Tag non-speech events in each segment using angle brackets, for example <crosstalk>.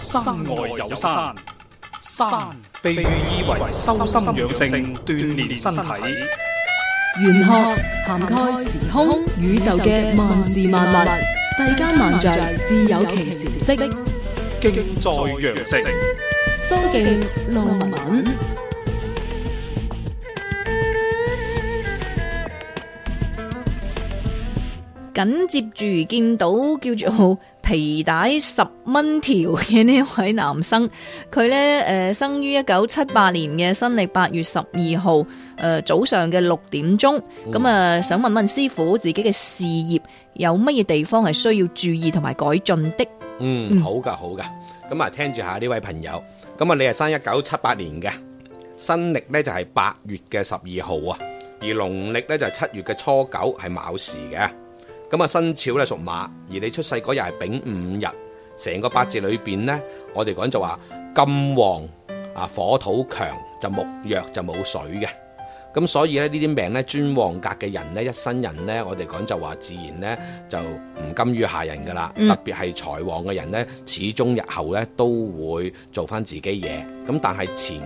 山外有山，山被寓意為修心養性、鍛煉身體。玄學涵蓋時空宇宙嘅萬事萬物，世間萬象自有其時色。食敬在羊城，蘇敬路文。緊接住見到叫做。皮帶十蚊條嘅呢位男生，佢呢，誒、呃、生於一九七八年嘅新曆八月十二號，誒、呃、早上嘅六點鐘，咁啊、嗯嗯、想問問師傅自己嘅事業有乜嘢地方係需要注意同埋改進的，、嗯、的，的？嗯，好噶，好噶，咁啊聽住下呢位朋友，咁啊你係生一九七八年嘅，新曆呢就係、是、八月嘅十二號啊，而農曆呢就係、是、七月嘅初九係卯時嘅。咁啊，生肖咧屬馬，而你出世嗰日係丙午日，成個八字裏邊咧，我哋講就話金旺啊，火土強就木弱就冇水嘅，咁所以咧呢啲命咧專旺格嘅人咧，一生人咧，我哋講就話自然咧就唔甘於下人噶啦，嗯、特別係財旺嘅人咧，始終日後咧都會做翻自己嘢，咁但係前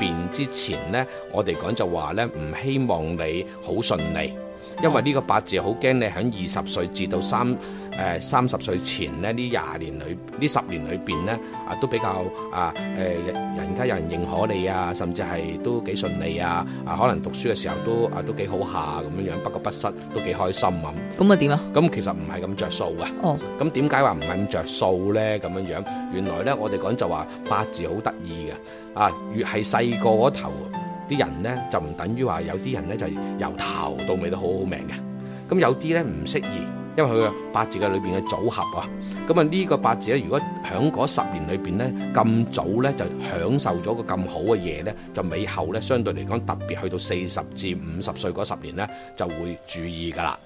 邊之前咧，我哋講就話咧唔希望你好順利。因為呢個八字好驚你喺二十歲至到三誒三十歲前咧，呢廿年裏呢十年裏邊咧啊都比較啊誒、呃、人家有人認可你啊，甚至係都幾順利啊，啊可能讀書嘅時候都啊都幾好下咁樣樣，不過不失都幾開心咁。咁啊點啊？咁其實唔係咁着數嘅。哦。咁點解話唔係咁着數咧？咁樣樣原來咧，我哋講就話八字好得意嘅啊，越係細個嗰頭。啲人咧就唔等於話有啲人咧就由頭到尾都好好命嘅，咁有啲咧唔適宜，因為佢八字嘅裏邊嘅組合啊，咁啊呢個八字咧，如果喺嗰十年裏邊咧咁早咧就享受咗個咁好嘅嘢咧，就尾後咧相對嚟講特別去到四十至五十歲嗰十年咧就會注意噶啦，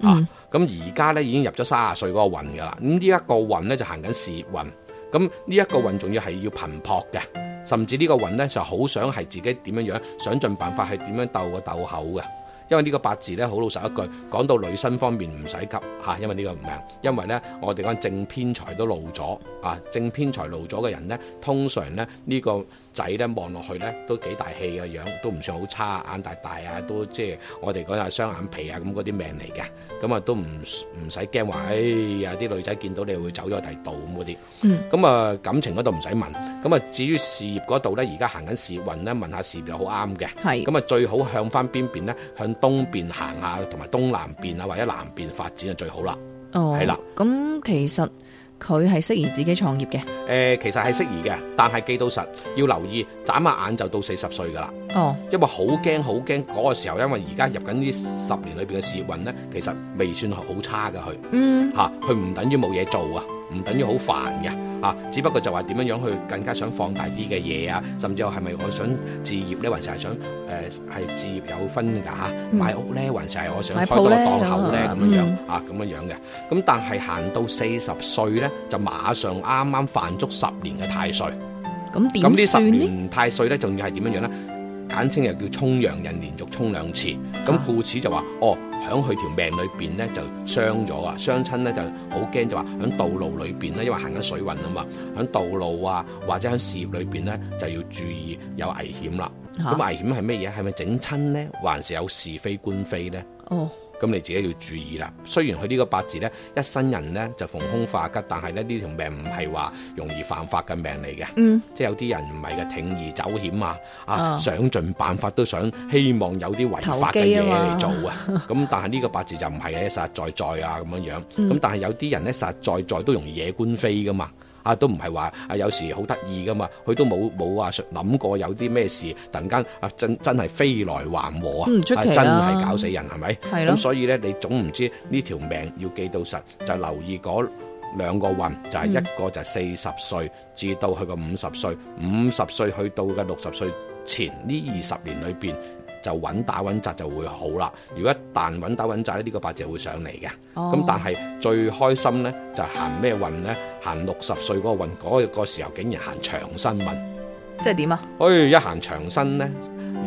嗯、啊，咁而家咧已經入咗卅歲嗰個運噶啦，咁呢一個運咧就行緊時運，咁呢一個運仲要係要頻撲嘅。甚至個呢個雲咧，就好想係自己點樣樣，想盡辦法係點樣鬥個鬥口嘅。因為呢個八字咧，好老實一句，講到女生方面唔使急吓，因為呢個命，因為呢，我哋講正偏財都露咗啊，正偏財露咗嘅人呢，通常呢，呢、呢個仔呢，望落去呢，都幾大氣嘅，啊、樣，都唔算好差，啊，眼大大啊，都即係我哋講下雙眼皮啊咁嗰啲命嚟嘅，咁啊都唔唔使驚話，哎呀啲女仔見到你會走咗第度咁嗰啲，那那嗯，咁啊感情嗰度唔使問，咁啊至於事業嗰度呢，而家行緊事業運咧，問下事業就好啱嘅，係是，咁啊最好向翻邊邊呢？向。東邊行下、啊，同埋東南邊啊，或者南邊發展就最好、哦、啦。哦、嗯，係啦。咁其實佢係適宜自己創業嘅。誒、呃，其實係適宜嘅，但係記到實要留意，眨下眼就到四十歲噶啦。哦。因為好驚好驚，嗰、那個時候，因為而家入緊呢十年裏邊嘅事業運咧，其實未算好差㗎佢。嗯。嚇、啊，佢唔等於冇嘢做啊！唔等於好煩嘅，啊！只不過就話點樣樣去更加想放大啲嘅嘢啊，甚至係咪我想置業呢？還是係想誒係置業有分㗎、啊？買屋呢？還是係我想開多個檔口呢？咁樣樣啊？咁樣樣嘅，咁、啊、但係行到四十歲呢，就馬上啱啱犯足十年嘅太歲。咁呢、嗯嗯嗯、十年太歲呢，仲要係點樣樣呢？簡稱又叫沖洋人，連續沖兩次，咁故此就話、啊、哦，喺佢條命裏邊咧就傷咗啊，傷親咧就好驚，就話喺道路裏邊咧，因為行緊水運啊嘛，喺道路啊或者喺事業裏邊咧就要注意有危險啦。咁、啊、危險係咩嘢？係咪整親咧，還是有是非官非咧？哦。咁你自己要注意啦。雖然佢呢個八字呢，一生人呢就逢凶化吉，但係呢呢條命唔係話容易犯法嘅命嚟嘅。嗯，即係有啲人唔係嘅，鋌而走險啊，啊，啊想盡辦法都想希望有啲違法嘅嘢嚟做啊。咁機 <laughs> 但係呢個八字就唔係嘅，實實在在，在啊咁樣樣。咁、嗯嗯、但係有啲人呢，實實在，在在都容易惹官非噶嘛。啊，都唔係話啊，有時好得意噶嘛，佢都冇冇話想諗過有啲咩事，突然間啊真真係飛來橫禍啊，真係、啊、搞死人係咪？咁、嗯吧嗯、所以呢，你總唔知呢條命要記到實，就留意嗰兩個運，就係、是、一個就係四十歲至到去個五十歲，五十歲去到嘅六十歲前呢二十年裏邊。就穩打穩紮就會好啦。如果一旦穩打穩紮咧，呢、這個八字會上嚟嘅。咁、哦、但係最開心咧，就是、行咩運咧？行六十歲嗰個運，嗰、那個時候竟然行長身運，即係點啊？誒、哎，一行長身咧。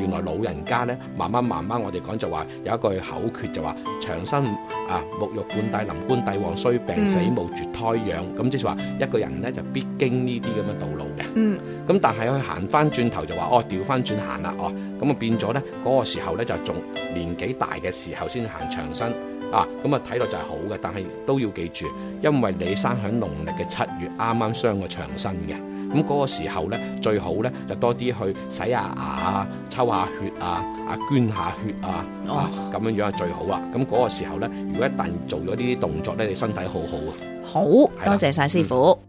原來老人家咧，慢慢慢慢我說說，我哋講就話有一句口訣就話長生啊，沐浴冠帶，臨官帝旺衰病，病死無絕胎養。咁即、嗯、係話一個人咧就必經呢啲咁嘅道路嘅。嗯。咁但係佢行翻轉頭就話哦，調翻轉行啦哦。咁啊變咗咧，嗰、那個時候咧就仲年紀大嘅時候先行長生啊。咁啊睇落就係好嘅，但係都要記住，因為你生喺農曆嘅七月啱啱傷過長生嘅。咁嗰個時候呢，最好呢就多啲去洗下牙啊、抽下血啊、啊捐下血啊，咁、oh. 啊、樣樣啊最好啊。咁、那、嗰個時候呢，如果一旦做咗呢啲動作呢，你身體好好啊。好多啦謝晒師傅。嗯。